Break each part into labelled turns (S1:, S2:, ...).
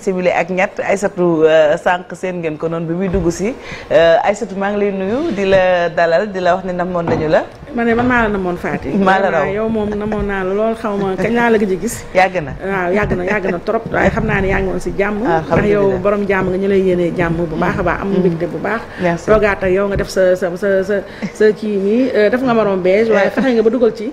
S1: simili ak ñett Aysatu euh, sànq seen ngeen ko noonu bi muy dugg si euh, Aysatu maa ngi lay nuyu di la dalal di la wax ne namoon nañu la ma ne man maa la namoon Fatick. maa la raw yow moom namoon naa la lool xaw ma kañ laa la gëj a gis. yàgg na waaw yàgg na yàgg na trop waaye xam naa ne yaa ngi woon si jàmm. Ah, ndax yow borom jàmm nga bu baax a baax. am mm-hmm. mbégte bu baax. merci toogaat ak yow nga def sa sa sa sa sa kii nii euh, def nga maroon fexe nga ba dugal ci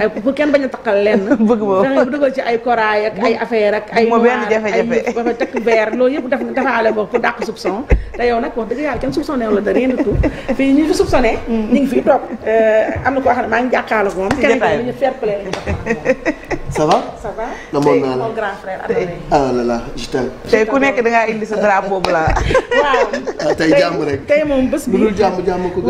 S1: ay pour kenn bañ a taqal lenn. bëgg boobu fexe nga ba dugal ci ay corail ak ay affaire ak. ay noir ay yëf a takk yàlla kenn soupçonné la de rien du fii ñu fi soupçonné mm-hmm. ñu ngi fii toog euh, am na ko xam ne maa ngi jàkkaarloo ak moom. kenn ku ñu fair play ça ku nekk dangaa indi sa drapeau blanc. waaw ah, tey jàmm rek. moom bés bi bu dul jàmm ko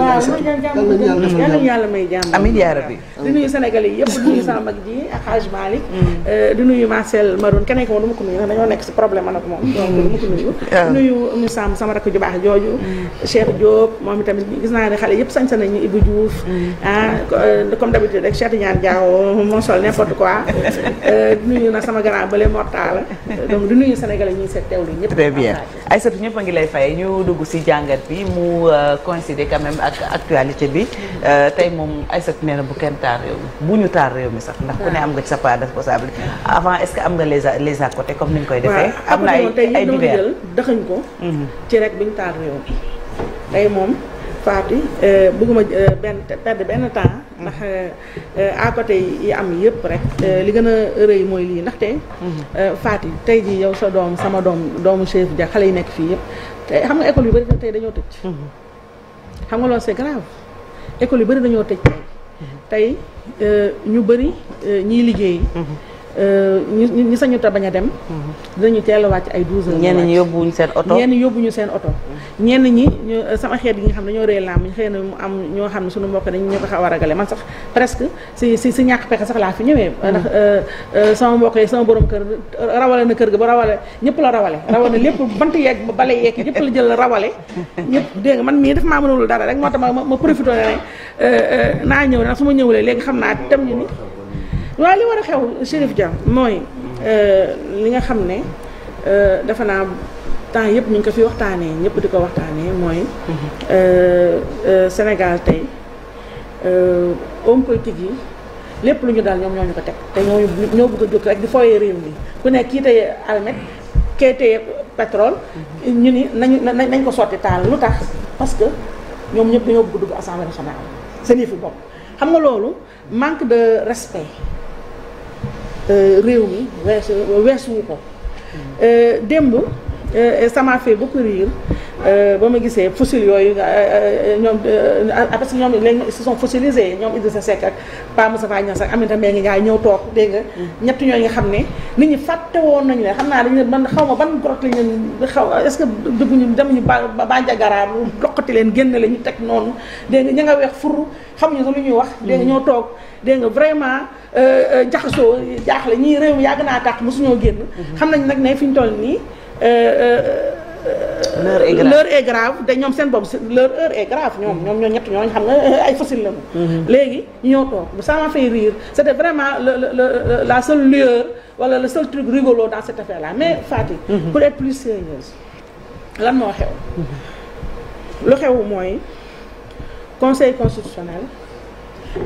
S1: yàlla may jàmm. amiin yaa rabbi. di nuyu Sénégalais yi yëpp di nuyu sama mag ji ak Hadj Malick. Euh, di nuyu Marcel Maroon keneen ko moom du ma nuyu dañoo nekk si problème man ak moom. Mm. donc du ma nuyu. waaw ah. di nuyu Moussa sama rakk ju baax jooju. Mm. Cheikh Diop moom itamit gis naa ne xale yëpp sañ sa nañu Ibou Diouf mm. Euh, comme d'habitude rek Cheikh Tidiane Diaw moo sol quoi euh, di nuyu na sama grand bële mortal donc di nuyu Sénégalais ñuy seet teewlu ñëpp. très bien Aïssatou ñëpp a ngi lay fay ñu dugg ci jàngat bi mu euh, coïncider quand même ak actualité bi tey moom ay nee na bu kenn taar réew mi bu ñu taar réew mi sax ndax ku ne am nga ci sa part de responsabilité avant est-ce que am nga les les à côté comme ni ñu koy defee. am na ay ay divers tey ko. Mhm. ci rek bi ñu taar réew mi tey moom. Fatou euh, bëgguma euh, benn perdre benn temps ndax euh, à côté yi am yëpp rek li gën a rëy mooy lii ndaxte mhm. Fatou tey jii yow sa doom sama doom doomu chef ja xale yi nekk fii yëpp te xam nga école yu bëri tey dañoo tëj mhm. xam nga lool c'est grave école yu bëri dañoo tëj tey mhm. ñu bëri ñiy liggéey Euh, ñu ñu sañu ta bañ a dem. Mhm. dinañu teel a wàcc ay douze heures. ñenn ñi yóbbuwuñu seen oto ñenn ñi yóbbuñu seen oto. Mhm. ñenn ñi ñu euh, sama xeet yi nga xam ne dañoo ree laam xëy na mu am ñoo xam ne suñu mbokk dañ ñu ko xaw a ragale man sax presque si si si ñàkk pexe sax laa fi ñëwee. Mhm. ndax euh, sama mbokk yi sama borom kër rawale na kër ga ba rawale ñëpp la rawale. rawale lépp bant yeeg bale yeeg ñëpp la jël rawale. ñëpp dégg nga man mii daf maa mënul dara rek moo tax ma ma profité ne naa ñëw nag su ma ñëwulee léegi xam naa tam ñu ni waaw li war a xew Chérif Dia mooy euh, li nga xam ne euh, dafa naa temps yëpp ñu ngi ko fi waxtaanee ñëpp di ko waxtaanee mooy mhm. euh, Sénégal tey homme politique yi lépp lu ñu daal ñoom ñoo ñu ko teg te ñoo ñoo bëgg rek di fooyee réew mi ku nekk kii tey almet kee tey pétrole mhm. ñu ni nañu nañ ko sotti taal lu tax parce que ñoom ñëpp dañoo bëgg dugg assemblée nationale seen yëfu bopp xam nga loolu manque de respect réew mi weesu weesuwu ko euh, démb Euh, et ça m'a fait beaucoup rire euh, ba ma gisee fossile yooyu euh, ñoom ah, parce que ñoom léegi ils se sont fossilisés ñoom Idrissa Seck ak Pa Moustapha Niasse ak Aminata Mbengue Ndiaye ñëw toog dégg nga. Mm. ñett ñooñu nga xam ne nit ñi fàtte woon nañu leen xam naa dañu man xaw ma ban grotte lañu leen xaw est-ce que dugg ñu dem ñu ba Bandiagara loqati leen génn leen ñu teg noonu dégg nga ña nga weex fur xamuñu sax lu ñuy wax. dégg ñoo mm. toog dégg nga vraiment jaxasoo jaaxle ñii réew mi yàgg naa tàq mosuñoo génn. Mm-hmm. xam nañ nag ne fi ñu toll nii. Euh, euh, l'heure euh, est grave l'heure seen bopp leur heure est grave ñoom ñoom ñoo ñett ñooñu xam nga ay fossile la mhm. léegi ñoo toog bu ça m'a fait rire vraiment le la seule lueur wala le seul truc rigolo dans cette affaire là mais mhm. Fatick. Mhm. pour être plus sérieuse lan moo xew. lu xew mooy conseil constitutionnel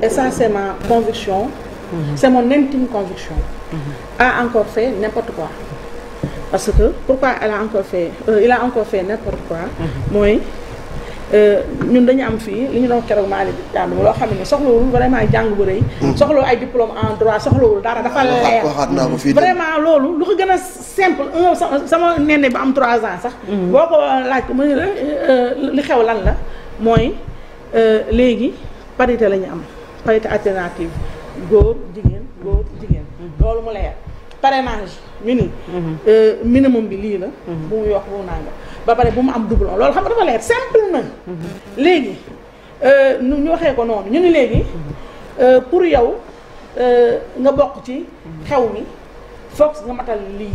S1: et ça c' est ma conviction. c' est conviction. a encore fait n' quoi. parce que pourquoi elle a encore fait euh, il a encore fait n'importe quoi. mooy euh, ñun dañu am fii li ñu doon keroog maa leen jàng loo xam ne soxlawul vraiment jàng bu rëy. soxlawul ay diplôme en droit soxlawul dara dafa leer. waxaat naa ko loolu lu ko gën a simple sama nenne ba am 3 ans sax. Mm-hmm. boo ko laaj ko mën euh, li xew lan la mooy euh, léegi parité la ñu am parité alternative góor jigéen góor jigéen. Mm-hmm. loolu mu leer parrainage. ñu minimum. Mhm. Euh, minimum bi lii la. Mhm. bu mu yokk bu naa nga ba pare bu mu am doublon loolu xam nga dafa leer simple mhm. léegi euh, nu ñu waxee ko noonu ñu ni léegi euh, pour yow nga bokk ci xew mi. foog nga matal lii.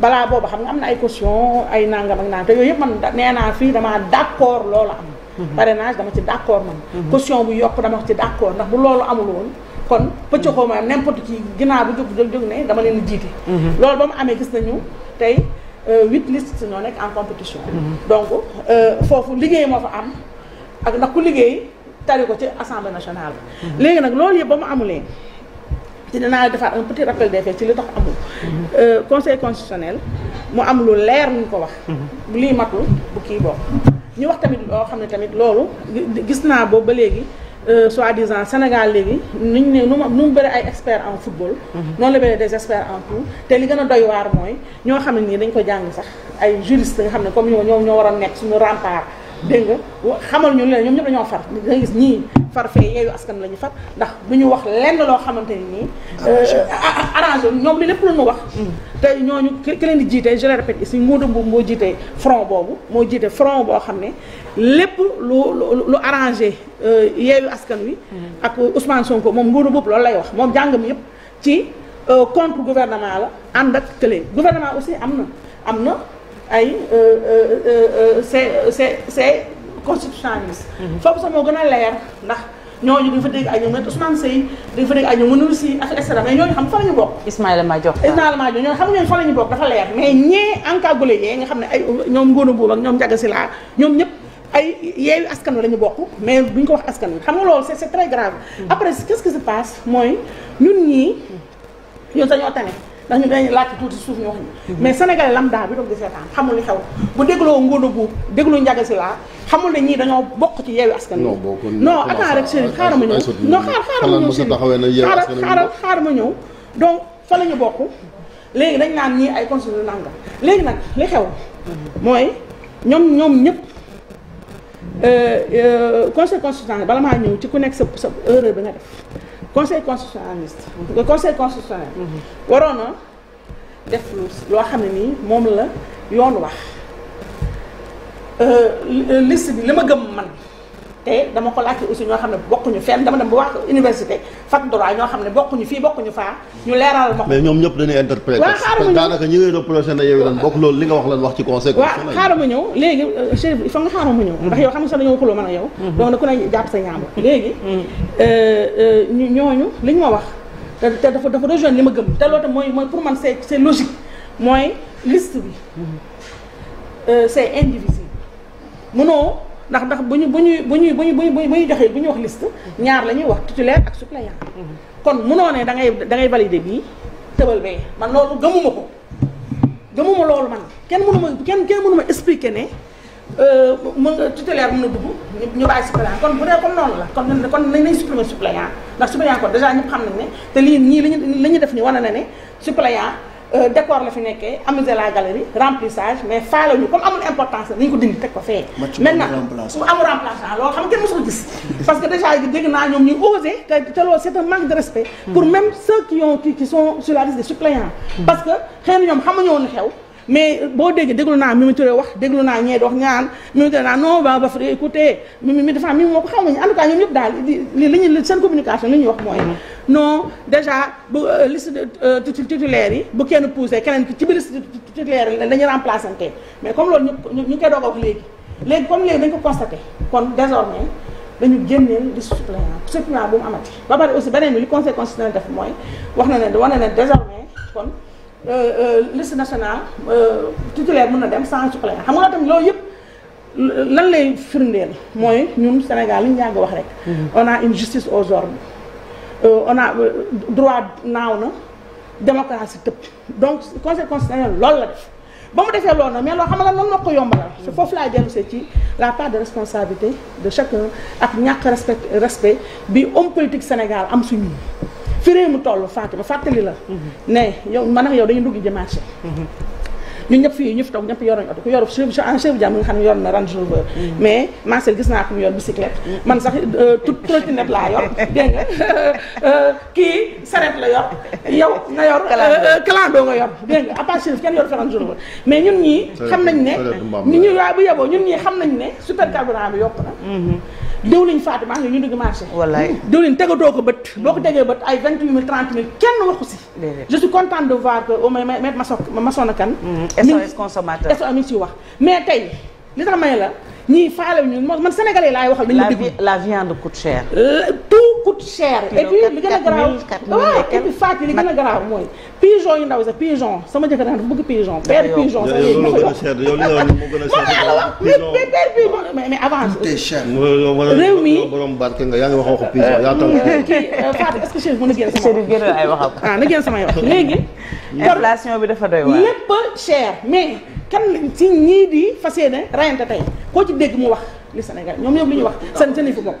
S1: balaa boobu xam nga am na ay caution ay nangam ak naan te yooyu yëpp man nee naa fii damaa d'accord loolu am. parrainage dama ci d'accord man. caution bu yokk dama ci d'accord ndax bu loolu amul woon. kon pëcc xaw ma n'importe qui ginnaaw bu jóg jóg ne dama leen jiite. Mhm. loolu ba mu amee gis nañu tey euh, huit listes ñoo nekk en compétition. Mhm. donc euh, foofu liggéey moo fa am ak ndax ku liggéey tari ko ci assemblée nationale bi. Mhm. léegi nag loolu yëpp ba mu amulee ci dinaa defaat un petit rappel des faits ci li tax amul. Euh, conseil constitutionnel mu am lu leer ñu ko wax. bu lii matul bu kii bokk ñu wax tamit loo xam ne tamit loolu gis naa boobu ba léegi. Euh, soi-disant Sénégal léegi nu ñu ne nu mu bëri ay experts en football. Mhm. noo la bëri des experts en tout te li gën a doy mooy ñoo xam ne nii dañ ko jàng sax ay juristes nga xam ne comme ñoo ñoo war a nekk suñu rempart. dégg nga xamal ñu leen ñoom ñëpp dañoo far nga gis ñii far fee yeeyu askan la ñu far ndax du ñu wax lenn loo xamante ni nii. Euh, arrangé ñoom li lépp lu ñu wax. Hmm. te ñooñu ki leen di jiite je le répète ici Ngouda moo jiite front boobu moo jiite front boo xam ne lépp lu lu arrangé euh, yeeyu askan wi. Hmm. ak Ousmane Sonko moom Ngouda Mboup loolu lay wax moom jàngam yëpp ci euh, contre gouvernement la ànd ak kële gouvernement aussi am na am na. ay c'est c'est c'est constitutionnaliste. foofu sax moo gën a leer ndax ñoo dañu ñu dégg ay ñoom nag Ousmane Seye dañu fa dégg ay ñoom mënul si ak et cetera mais ñooñu xam fa la ñu bokk. Ismaïla Madior Ismaïla Madior ñooñu xam ñooñu fa la ñu bokk dafa leer mais ñee encagoulé ñee nga xam ne ay ñoom Ngóono Boobu ak ñoom si Sylla ñoom ñëpp. ay yeewu askan wi lañu bokk mais bu ñu ko wax askan wi xam nga loolu c'est c'est très grave. Mmh. après qu'est-ce qui se mooy ñun ñii ñun dañoo tane. dañu ñu dañuy tuuti suuf ñu wax ñu mhm. mais sénégalais lambda bi doog di seetaan xamul li xew bu dégloo ngóono buub déglu njaga si laa xamul ne ñii dañoo bokk ci yeewi askan non
S2: non attends rek Chérif ah, xaaral ma ñëw non xaar xaaral ma ñëw Chérif xaaral
S1: xaaral ma ñëw donc fa la ñu bokk léegi dañ naan ñii ay consul nangam léegi nag li xew mooy ñoom ñoom ñëpp euh, euh, conseil constitutionnel bala maa ñëw ci ku nekk sa sa erreur bi nga def conseil constitutionnaliste le conseil constitutionnel waroon na def loo xam ne nii moom la yoon wax euh, euh, liste bi li ma gëm man te dama ko laajte aussi ñoo xam ne bokkuñu fenn dama dem ba wax université fac droit ñoo xam ne bokkuñu fii bokkuñu faa ñu leeral
S2: ma mais ñoom ñëpp dañuy interpréter waaw xaaral ma ñëw bokk loolu li nga wax lan wax ci conseil waaw
S1: ñëw léegi euh, chérif nga xaaral ma ñëw mm-hmm. ndax yow xam nga sax dañoo xuloo man ak yow mm-hmm. donc na ku ne jàpp sa ñaambo mm-hmm. léegi euh, euh, ñu ñooñu li ñu ma wax te dafa dafa rejoindre li ma gëm te loolu tam mooy mooy pour man c'est c'est logique mooy liste bi c'est indivisible mënoo ndax ndax bu ñu bu ñuy bu ñu bu ñuy bu ñuy joxee bu ñuy wax liste ñaar la ñuy wax titulaire ak suppléant kon munoo ne da ngay da ngay valider bii tëbal bee man loolu gëmuma ko gëmuma loolu man kenn mënu ma kenn kenn mënu ma expliquer ne euh, mën nga titulaire mën na dugg ñu bàyyi suppléant kon bu dee kon noonu la kon kon nañ nañ supprimer suppléant ndax suppléant kon dèjà ñëpp xam nañ ne te lii ñii lañu la def ni wane na ne suppléant Euh, décor la fi nekkee la galerie remplissage mais faalo ñu comme amul importance la nañu ko dindi teg ko fee maintenant mu amul remplaçant loolu xam nga kenn parce que déjà dégg naa ñoom c'est un manque de respect pour hmm. même ceux qui sont sur la liste des suppléants hmm. parce que xëy na ñoom xamuñu woon xew mais boo dégg déglu naa Mimi Touré wax déglu naa ñee wax ñaan Mimi Touré naa non ba ba fa écouter Mimi mi dafa Mimi moo ko xaw nañu en tout cas ñoom daal li ñu seen communication li ñuy wax mooy non déjà bu euh, liste euh, titulaire yi bu kenn poussé keneen ci biir liste titulaire yi dañuy remplacer tey mais comme loolu ñu ñu koy doog wax léegi léegi comme léegi dañ ko constaté kon désormais dañu génneel liste suppléant suppléant bu mu amati ba pare aussi beneen bi li conseil constitutionnel def mooy wax na ne war na ne désormais kon Euh, euh, liste nationale euh, titulaire mun na dem sans suppléant xam nga tam loolu yëpp lan lay firndee firndeel mooy ñun Sénégal li ñu yàgg wax rek. Mhm. on a une justice aux ordres on a droit naaw na démocratie tëb donc conseil constitutionnel loolu la def. ba mu defee loolu nag mais loo xam nga lan moo ko yombalal mhm. foofu laa dellu see ci la part de responsabilité de chacun ak ñàkk respect respect bi homme politique Sénégal am suñu. fi réew mu toll Fatou ba fàttali la. Mhm. ne yow man ak yow dañuy dugg ci marché. Mhm. ñun ñëpp fii ñu fi toog ñëpp yor nañu oto ku yoru en chef jàmm nga xam ne Range Rover mm. mais Marcel gis naa ko mu yor bicyclette mm. man sax euh, tout trottinette laa yor dégg nga euh, kii la yor yow nga yor clando euh, nga yor dégg kenn yor fi Range Rover mais ñun ñii xam nañ ne ñu ñu waaye bu yeboo ñun ñii xam nañ ne super carburant bi yokk na mm-hmm. diwlin Fatima nga ñu dugg marché. diwlin tegatoo ko bët. boo ko tegee bët ay vingt huit mille trente mille kenn waxu si. je SOS consommateur SOS mi ngi ciy wax mais tey li tax may la ñii faale ñun man sénégalais laay waxal. dañu la déglu la viande coûte cher. Euh, tout coûte cher. et puis li gën a garaaw a garaaw mooy. pigeon yu ndaw sax pigeon sama jëkkër dafa bëgg pigeon. père pigeon sax yow loolu gën a
S2: cher yow li nga wax moo gën a
S1: cher. mais avance. réew mi borom barke nga yaa ngi wax waxu pigeon yaa taw. kii euh, Fatou est-ce que chef mën na génn sama wax. génn ah, léegi. bi dafa doy waar lépp cher mais. kan ci ñii di fas yéene rayante tey koo ci dégg mu wax li Sénégal ñoom ñëpp lu ñu wax seen seen i fi bopp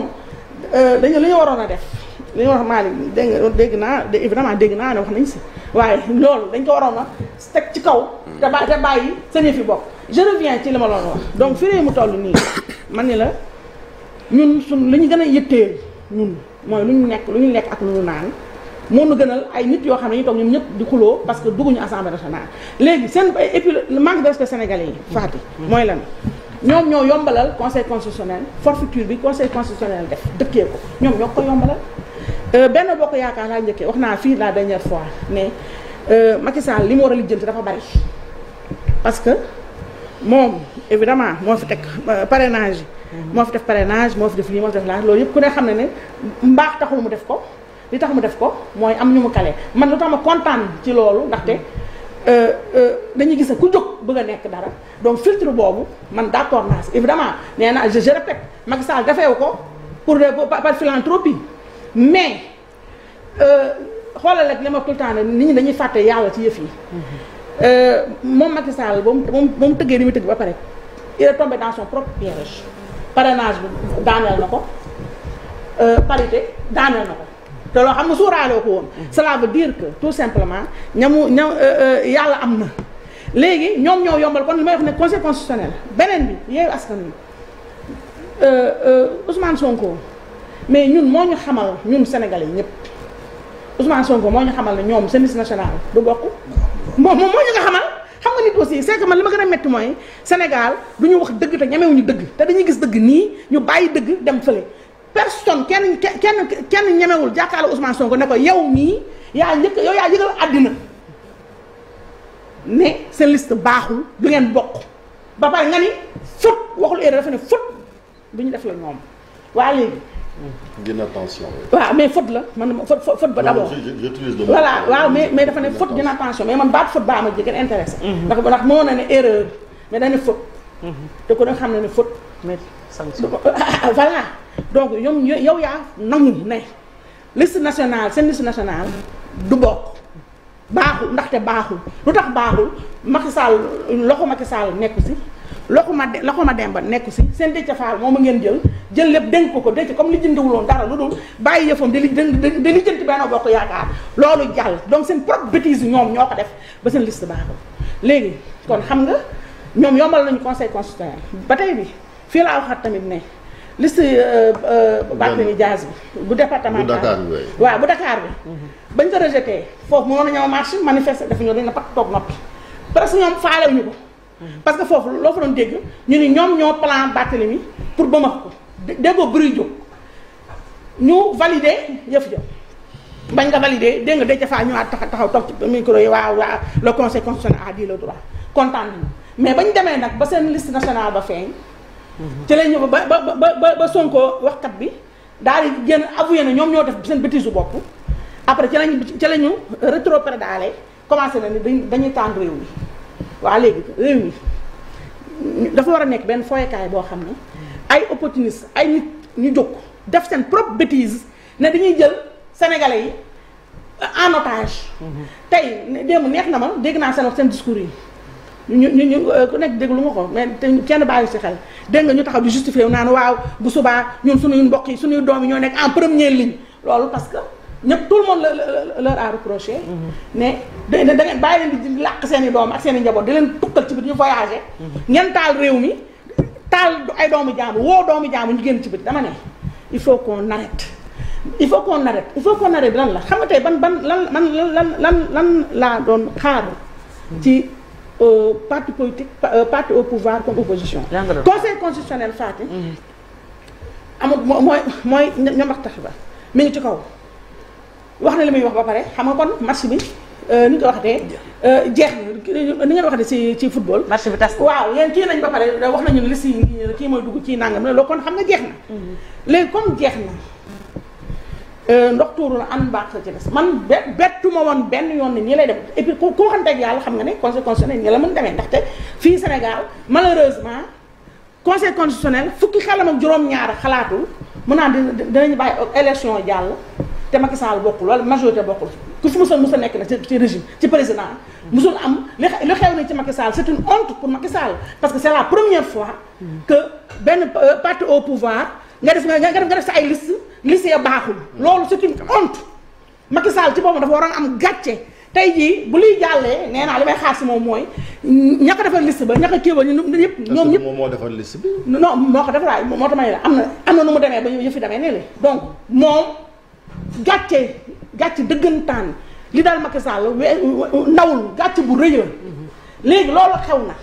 S1: ñoom euh, dañu li ñu waroon a def li ñu wax Malick dégg nga dégg naa évidemment dégg naa ne wax nañ si waaye loolu dañ ko waroon a teg ci kaw te ba te bàyyi sañu fi bopp je reviens ci li ma loon wax donc fi mu toll nii man ni la ñun suñ li ñu gën a yëttee ñun mooy lu ñu nekk lu ñu lekk ak lu ñu naan moo nu gënal ay nit yoo xam ne ñu toog ñoom ñëpp di xuloo parce que dugguñu assemblée nationale léegi seen et puis manque de respect sénégalais yi faati mooy lan ñoom ñoo yombalal conseil constitutionnel forfaiture bi conseil constitutionnel def dëkkee ko ñoom ñoo ko yombalal euh, benn boo ko yaakaar laa njëkkee wax naa fii la dernière fois ne euh, Macky Sall li mu war a lijjanti dafa bari parce que moom évidemment moo fi teg euh, parrainage moo fi def parenage moo fi def lii moo fi def laa loolu yëpp ku ne xam ne ne mbaax taxul mu def ko li tax mu def ko mooy am ñu mu kale man lu tax ma kontaan ci loolu ndaxte Euh, euh, dañuy gis ne ku jóg bëgg a nekk dara donc filtre boobu man d'accord naa si évidemment nee naa je je répète Macky Sall ko pour des par philanthropie mais euh, xoolal ak li ma tout le nit ñi dañuy fàtte yàlla ci yëf yi mm-hmm. moom Macky Sall ba mu ba mu tëggee li muy tëgg ba pare il est tombé dans son propre piège parrainage bi daaneel na ko parité daaneel na ko. te loo xam nga suuraaloo ko woon. Mhm. cela veut dire que tout simplement ñamu ña euh, euh, yàlla am na. léegi ñoom ñoo yombal kon li may wax ne conseil constitutionnel beneen bi yeewu askan wi euh, Ousmane Sonko mais ñun moo ñu xamal ñun Sénégalais yi ñëpp Ousmane Sonko moo ñu xamal ne ñoom service national du bokk. moom moom moo ñu ko xamal xam nga nit aussi c'est que man li ma gën a métti mooy Sénégal du ñu wax dëgg te ñemewuñu dëgg te dañuy gis dëgg nii ñu bàyyi dëgg dem fële. personne kenn kenn kenn ñemewul jàkkaarloo Ousmane Sonko ne ko yow mii yaa njëkk yow yaa yëgal àddina ne seen liste baaxul du ngeen bokk ba pare nga ni fut waxul erreur dafa ne fut bu ñu def la ñoom waa léegi.
S2: gën attention. waaw
S1: mais fut la man fut fut ba d'abord.
S2: voilà waaw
S1: mais mais dafa ne fut gën attention mais man baat fut baa ma ji gën intéressé. Mhm. ndax ndax moo na ne erreur mais dañu fut. Mhm. te ko da nga xam ne ne fut. mais donc ñoom yow yaa nangu ne liste nationale seen liste nationale du bokk baaxul ndaxte baaxul lu tax baaxul Macky Sall loxo Macky Sall nekku si loxo ma loxo ma Demba nekku si seen Déthié Fall moom a ngeen jël jël lépp dénk ko ko denc comme li jëndiwuloon dara lu dul bàyyi yëfam di li di li jënt benn bokk yaakaar loolu jàll donc seen propre bêtise ñoom ñoo ko def ba seen liste baaxul léegi kon xam nga ñoom yombal nañu conseil constitutionnel ba tey bi fii laa tamit ne liste euh, euh, Barthélémy Dias bi bu département waaw bu Dakar bi mhm. bañ ko rejeté foofu moo na ñëw marché manifester dafa ñoo dañ na pak toog parce que ñoom faalewuñu ko mhm. parce que foofu loo fa doon dégg ñu ni ñoom ñoo plan Barthélémy pour ba ma ko déggoo bëri jóg ñu validé yëf ja bañ nga validé dégg nga dee ca faa ñëwaat tax taxaw toog ci micro yi waaw waaw le conseil constitutionnel a dit le droit kontaan nañu mais bañ demee nag ba seen liste nationale ba feeñ ci lañ ñëw ba ba ba ba Sonko waxkat bi daal di génn avoué na ñoom ñoo def seen bêtise su bopp après ci lañ ci la ñu rétropédalé commencé na ni dañuy tànn réew mi waa léegi réew mi dafa war a nekk benn foyekaay boo xam ne ay opportuniste ay nit ñu jóg def seen propre bêtise ne dañuy jël sénégalais yi en otage. Mhm. tey démb neex na man dégg naa seen wax seen discours yi. ñu ñu ñu euh, ku nekk déglu nga ko mais te kenn bàyyi si xel dégg nga ñu taxaw di justifié wu naan waaw bu subaa ñun suñuy mbokk yi suñuy doom yi ñoo nekk en première ligne loolu parce que ñëpp tout le monde la a reproché mm-hmm. mais da da ngeen bàyyi leen di làq seen i doom ak seen njaboot di leen tukkal ci biti ñu voyagé mm-hmm. ngeen taal réew mi taal ay doomu jaamu woo doomu jaamu ñu génn ci biti dama ne il faut qu'on arrête il faut qu'on arrête il faut qu'on arrête lan la xam nga tey ban ban lan lan lan lan lan laa doon xaaru ci aux partis politiques euh, partis au pouvoir comme opposition. conseil constitutionnel Fatick. amul mooy mooy ñoom ak tax ba mi ngi ci kaw. wax na li muy wax ba pare xam nga kon match bi ni euh, nga ko waxatee. Euh, jeex na ni nga waxatee ci ci football. match bi tas waaw yéen kii nañ ba pare wax nañu ne liste yi kii mooy dugg ci nàngam la loolu kon xam nga jeex na. Mm-hmm. léegi comme jeex na. Euh, ndox tuuru na an mbaax sa ci des man bettu ma woon benn yoon ne ñi lay dem et puis ku ku yàlla xam nga ne conseil constitutionnel nii la mën demee ndaxte fii Sénégal malheureusement conseil constitutionnel fukki xelam ak juróom-ñaar xalaatul mun naa dinañu bàyyi élection jàll te Macky Sall bokkul wala majorité bokkul ku fi musul musul nekk na ci régime ci président musul am li li xew na ci Macky Sall c'est une honte pour Macky Sall parce que c'est la première fois que benn euh, parti nga def nga def nga def sa ay liste liste ya baaxul loolu c'est une honte Macky Sall ci boppam dafa waroon am gàcce tey jii bu luy jàllee nee naa li may xaar si moom mooy ña ko defal liste ba ña ko kéebal ñu ñëpp ñoom ñëpp moom moo defal liste bi non moo ko def laay moo tax ne am na am na nu mu demee ba yëfi demee nee le donc moom gàcce gàcce dëggantaan li daal Macky Sall ndawul gàcce bu rëy la mm-hmm. léegi loolu xew na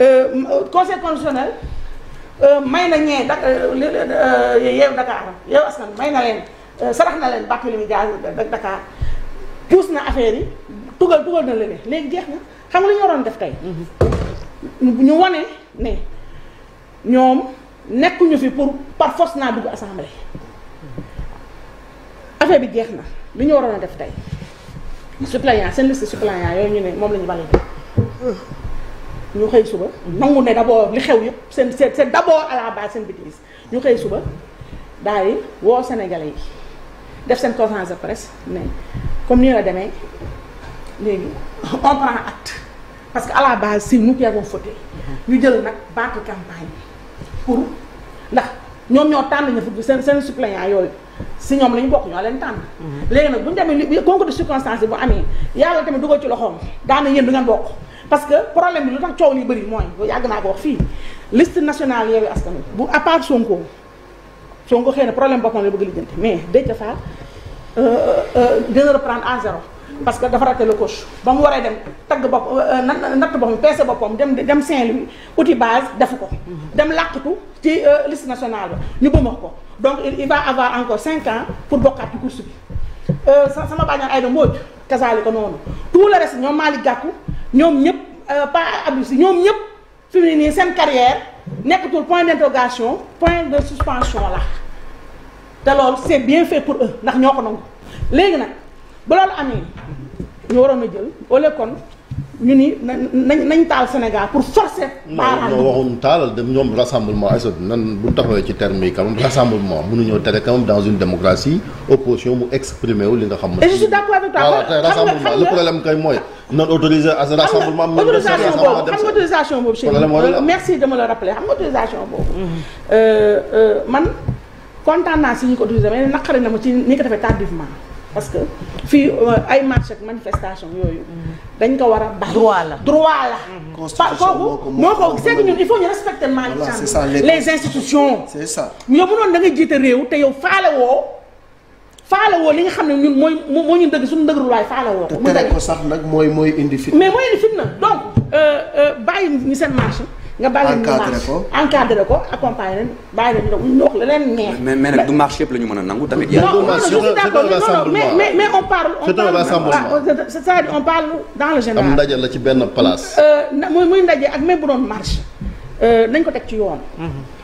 S1: euh, conseil constitutionnel Euh, may na ñee dak yeew Dakar euh, euh, yeew askan may na leen sarax na leen Barthélémy Dias Dakar puus na affaire yi tugal tugal na leen léegi jeex na xam nga li ñu waroon def tey mm-hmm. ñu wane ne ñoom nekkuñu fi pour par force naa dugg assemblée affaire bi jeex na lu ñu waroon a def tey suppléant seen liste suppléant yooyu ñu ne moom lañu ñu bal ñu xëy suba nangu ne d'abord li xew yëpp seen seen c'est d'abord à la base seen bêtise ñu xëy suba daal di woo sénégalais yi def seen conférence de presse ne comme ni la demee léegi on at acte parce que à la base si nous qui avons ñu jël nag battre campagne pour ndax ñoom ñoo tànn na fa seen seen suppléant yooyu si ñoom la ñu bokk ñoo leen tànn. Mhm. léegi nag bu ñu demee li concours de circonstance yi bu amee yàlla tamit dugal ci loxoom daana yéen du ngeen bokk. parce que problème bi lu tax coow li bëri mooy yàgg naa ko wax fii liste nationale Yewwi Askan bu à part Sonko Sonko xëy na problème boppam la bëgg lijjanti mais Déthié Fall euh, euh, euh, dina reprendre à zéro parce que dafa raté le ba mu war a dem tagg bopp natt boppam peese boppam dem dem Saint-Louis outil base defu ko dem làqatu ci liste nationale ba ñu bëmax ko donc il va avoir encore cinq ans pour bokkaat ci course bi sama bàññaan ay da mbooj kasaali ko noonu tout ñoom ñëpp euh, pas abus ñoom ñëpp fi mu nii seen carrière nekkatul point d'interrogation point de suspension la te loolu c'est bien fait pour ndax ñoo ko nangu léegi nag ba loolu amee ñu waroon a jël wala kon ñu ni nañ nañ taal Sénégal pour forcer. parents non
S2: waxum taal dem ñoom rassemblement ay nan bu taxawee ci terme yi quand même rassemblement mënuñoo tere quand même dans une démocratie opposition mu exprimer wu li nga xam. et je suis
S1: d'accord avec toi xam nga xam problème
S2: kay mooy. non autorisé à ce rassemblement. am autorisation boobu xam nga
S1: autorisation boobu. merci dama la rappeler xam nga autorisation boobu. Mm-hmm. Euh, euh, man kontaan naa si ñu ko autorisé mais naqari na ma ci ni ko defee tardivement. parce que fii euh, ay marche ak manifestation yooyu. Mm-hmm. dañ ko war a baax. droit la droit la. constitution moo ko c'est que ñun il faut ñu respecter. les institutions. c'est ça yow mënoon da jiite réew te yow faale woo. faala woo li nga xam ne ñun mooy moo ñun dëgg suñu dëgërul waaye faala woo ko. mu tere ko
S2: mooy mooy indi fitna.
S1: mais mooy indi fitna donc euh, euh, bàyyi ñu seen marche. nga bàyyi ñu marche encadré ko accompagné leen bàyyi leen ñu wax leen neex. mais mais nag du
S2: marche yëpp la ñu mën a nangu tamit. non non je suis d'accord mais mais
S1: on parle. on parle euh, c'est-à-dire am ndaje
S2: la ci benn place.
S1: na muy muy ndaje ak même bu doon marche nañ ko teg ci yoon. Mm-hmm.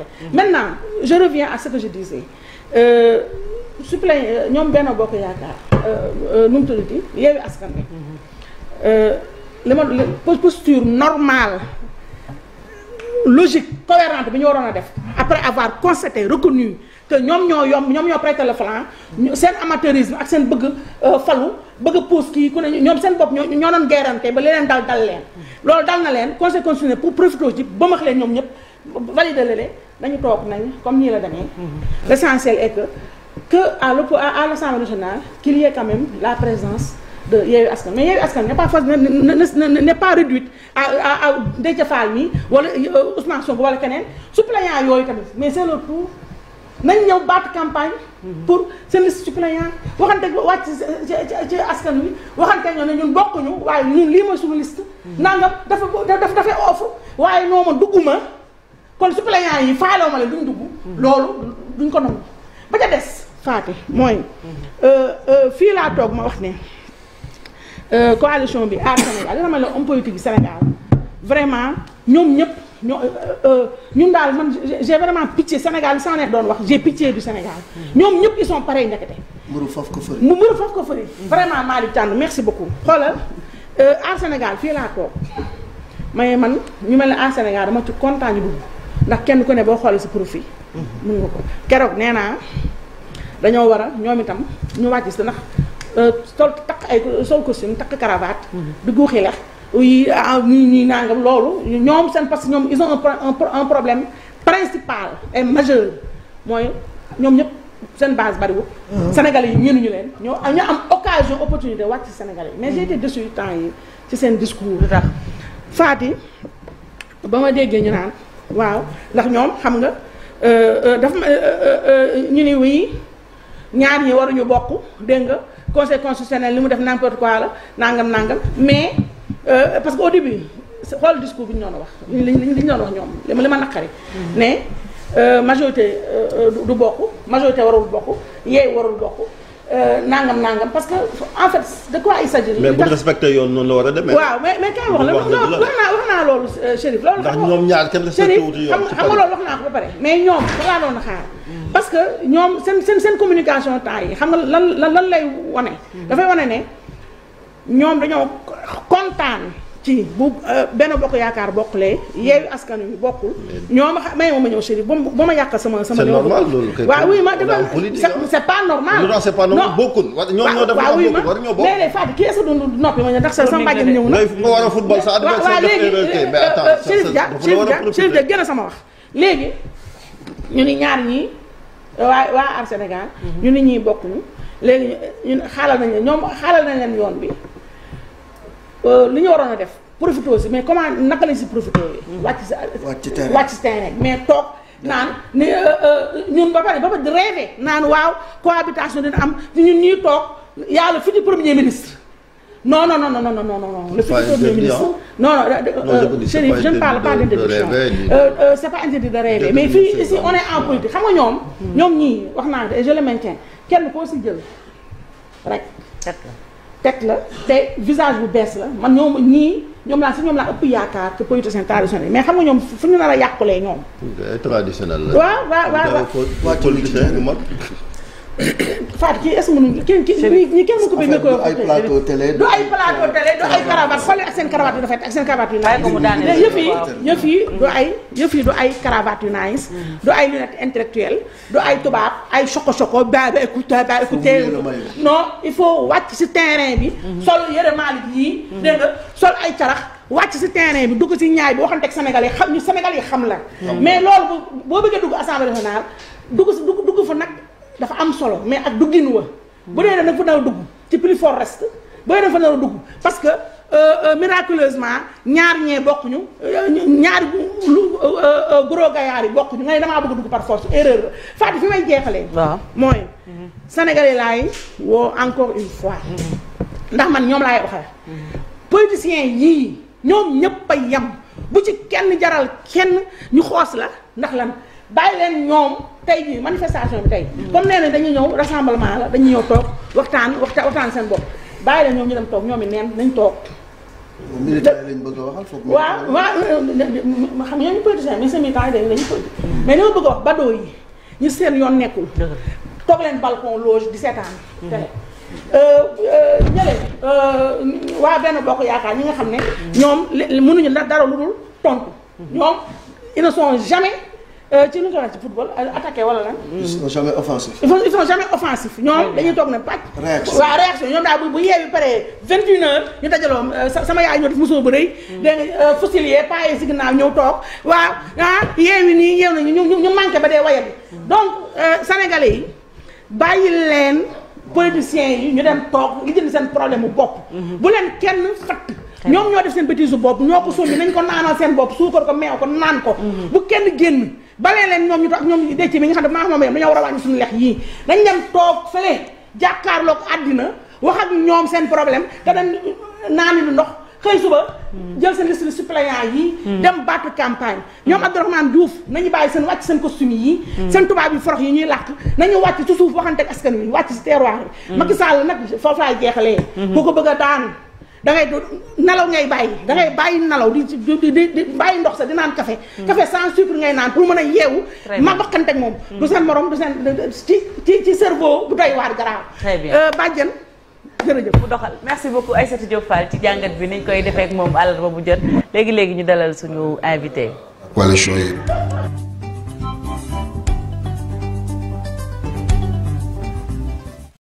S1: voté maintenant je reviens à ce que je disais euh, suppléant euh, ñoom benn bokk yaakaar euh, nu mu tuddati yeewu askan bi li ma posture normale logique cohérente ñu waroon a def après avoir constaté reconnu que ñoom ñoo yomb ñoom ñoo prêté le flanc seen amateurisme ak seen bëgg falu bëgg a pousse kii ku ne ñoom seen bopp ñoo ñoo doon guérante ba leneen dal dal leen loolu dal na leen conseil constitutionnel pour profiter ci ba max leen ñoom ñëpp validé la dañu toog nañ comme nii la demee. l' essentiel que que à l' à l' assemblée nationale qu'il y ait quand même la présence de Yewwi Askan mais Yewwi Askan n'est pas face n'est pas réduite à à à Déthié Fall mi wala euh, Ousmane Sonko wala keneen suppléant yooyu tamit mais c'est le tout nañ ñëw baat campagne. pour seen liste suppléant waxante wàcc ci ci askan wi waxante ñoo ne ñun bokkuñu waaye ñun lii mooy suñu liste. nangam dafa dafa dafay offre waaye noo ma kon suppléant yi faaloo ma la duñ dugg loolu duñ ko nangu ba ca des faate mooy euh, euh, fii laa toog ma wax ne euh, coalition bi aar Sénégal bi Sénégal vraiment ñoom ñëpp ñoo daal man j'ai vraiment pitié Sénégal doon wax j'ai pitié du ñoom ñëpp ils sont pareils ndekete foofu ko fëri mu mburu foofu ko fëri vraiment merci beaucoup xoolal aar Sénégal fii laa toog ñu mel ne aar Sénégal dama ci kontaan ñu dugg ndax kenn ku ne boo xoolee sa profil. Mm-hmm. mun nga ko keroog nee naa dañoo war a ñoom itam ñu wàcc si ndax euh, sol takk ay sol costume takk cravate. Mm-hmm. du guuxi la yi ñuy ah, nangam loolu ñoom seen parce que ñoom ils ont un problème principal et majeur mooy ñoom ñëpp seen base bariwul. Mm-hmm. Sénégalais yi ñeenuñu leen. ñoo ñu am occasion opportunité wàcc si Sénégalais yi mais j' étais déçu temps yi ci seen discours. lu tax yi ba ma déggee ñu naan. waaw ndax ñoom xam nga euh, euh, daf dafa euh, ñu ni wii ñaar ñi waruñu bokk dégg nga conseil constitutionnel li mu def n'importe quoi la nangam nangam mais parce que au début xool discours bi ñu doon wax li ñu li ñu doon wax ñoom li ma li ma naqari mm-hmm. ne majorité du bokk majorité warul bokk yeey warul bokk Euh, nangam nangam parce que en fait de quoi il s'agit. mais bu
S2: respecté yoon noonu la war a demee. waaw mais mais kay wax la wax naa
S1: wax naa loolu euh, Chérif. loolu
S2: ndax ñoom ñaar kenn respecté ba
S1: pare. mais ñoom fa laa parce que ñoom seen seen seen communication temps yi xam nga lan lan lan lay wane. dafay wane ne ñoom dañoo kontaan. ci bu euh, benn bokk yaakaar bokkulee. yeeyu askan wi bokkul. ñoo ma may ma ñëw Chérif ba ma yàq sama sama. c'est normal loolu ma dafa c'est bokkul. ñoom ñoo def war ñoo bokk léeg-léeg Fatick kii est-ce que du noppi ma ñëw ndax sama mbàjj na. nga war a football sa adversaire waaw léegi euh, euh, Chérif Dia Chérif Dia gën a sama wax. léegi ñu ni ñaar ñii waa waa Ar Sénégal. Mhm. ñu ni ñii bokkuñu léegi ñun xaalal nañ ñoom xaalal nañ leen yoon bi Euh, li ñu waroon a def profité si mais comment naka lañ si profité hmm. wàcc si wàcc si terrain mais toog naan ne euh, euh, ñun ba pare ba pare di rêvé naan waaw cohabitation dina am ñun ñuy toog yàlla fi di premier ministre non non non non non non non le futur premier ministre non non Chérif je ne parle de rêver mais fii ici on en politique xam ñoom hmm. ñoom ñii wax naa et je le maintiens kenn koo si jël rek teg la te visage bu bees la man ñoom ñii ñoom laa si ñoom laa ëpp yaakaar que politicien traditionnel mais xam nga ñoom fu ñu nar a yàqulee ñoom.
S2: traditionnel la. waaw waaw waaw. politicien du mag.
S1: Fatou kii est-ce que mënuñu kii kii ñi kenn ku bëgg ko ay plateau télé du ay plateau télé du ay cravate xoolal ak seen ak seen cravate yi yëf yi du ay yëf yi du ay mm. tubaab ay choco choco ba ba écoute ba écoute non il faut wàcc si terrain bi mm-hmm. sol yëre Malick yii mm-hmm. dégg sol ay carax wàcc si terrain bi dugg si ñaay bi waxante ak Sénégal yi xam ñu Sénégal yi xam la mais loolu boo bëggee dugg assemblée dugg si dugg dugg nag dafa am solo mais ak duggin wa bu dee nag fa nar dugg ci plus fort reste bu dee nag fa nar dugg parce que euh, euh, miraculeusement ñaar ñee bokkuñu ñaari lu euh, gros gaillard yi bokkuñu nga ne damaa bëgg dugg par force erreur la fi may jeexalee. waaw mooy. Mhm. sénégalais laay woo encore une fois. Mhm. ndax man ñoom laay waxee. Mhm. politiciens yii ñoom ñëpp a yem bu ci kenn jaral kenn ñu xoos la ndax lan. bàyyi leen ñoom tey jii manifestation bi tey. comme nee na dañuy ñëw rassemblement la dañuy ñëw toog waxtaan waxtaan waxtaan seen bopp bàyyi leen ñoom ñu dem toog ñoom it neen nañ toog.
S2: militaire lañ bëgg a waxal foofu. Euh, euh,
S1: euh, xam nga ñu politicien mais seen militant dañu lañu politique. mais li ma ñu seen yoon nekkul. toog leen balcon loge di seetaan. Mmh. télé ñële waa benn bokk yaakaar ñi nga xam ne. Mmh. ñoom li mënuñu dara lu dul tontu. Mmh. ñoom jamais. Euh, ci lu ñu koy wax ci football euh, attaqué wala lan. ils sont jamais offensifs. ils sont ils sont jamais offensifs ñoom dañuy toog ne pàcc. réaction waaw daal bu bu yeewee ba pare 21h ñu dajaloo euh, sama yaay ñoo def mosoo bu rëy. dégg nga fusilier paa yi ñëw toog waaw ah yeewi nii yeew nañu ñu ñu manqué ba dee wayal donc sénégalais yi bàyyi leen politiciens yi ñu dem toog li jënd seen problème bu bopp. Mhm. bu leen kenn fatt. ñoom ñoo def seen bêtise su bopp ñoo ko sumb nañ ko naanal seen bopp suukar ko meew ko naan ko. Mhm. bu kenn génn. balee leen ñoom ñu toog ak ñoom ñu décc mi nga xam ne maa xam ne dañoo war a wàññi suñu lex yii dañ dem toog fële jàkkaarloog àddina wax ak ñoom seen problème te dañ naani lu ndox xëy suba jël seen liste de suppléants yi mm. dem battu campagne ñoom Abdourahmane Diouf nañu bàyyi seen wàcc seen costume yi mm. seen tubaab yi forox yi ñuy làkk nañu wàcc ci suuf waxante ak askan wi wàcc si terroir bi mm. Macky Sall nag foofu laay jeexalee mm-hmm. ku ko bëgg a daan da ngay nelaw ngay bàyyi da bàyyi nelaw di di di bàyyi ndox sa di naan café hmm. café sans sucre ngay naan pour mën a yeewu ma bakkante ak moom hmm. du seen morom du seen ci ci ci cerveau bu doy waar garaaw euh, bàjjen jërëjëf bu doxal merci beaucoup Aïssatou Diop Fall ci jàngat bi niñ koy defee ak moom àllarba bu jot léegi léegi ñu dalal suñu invité
S2: coalition yi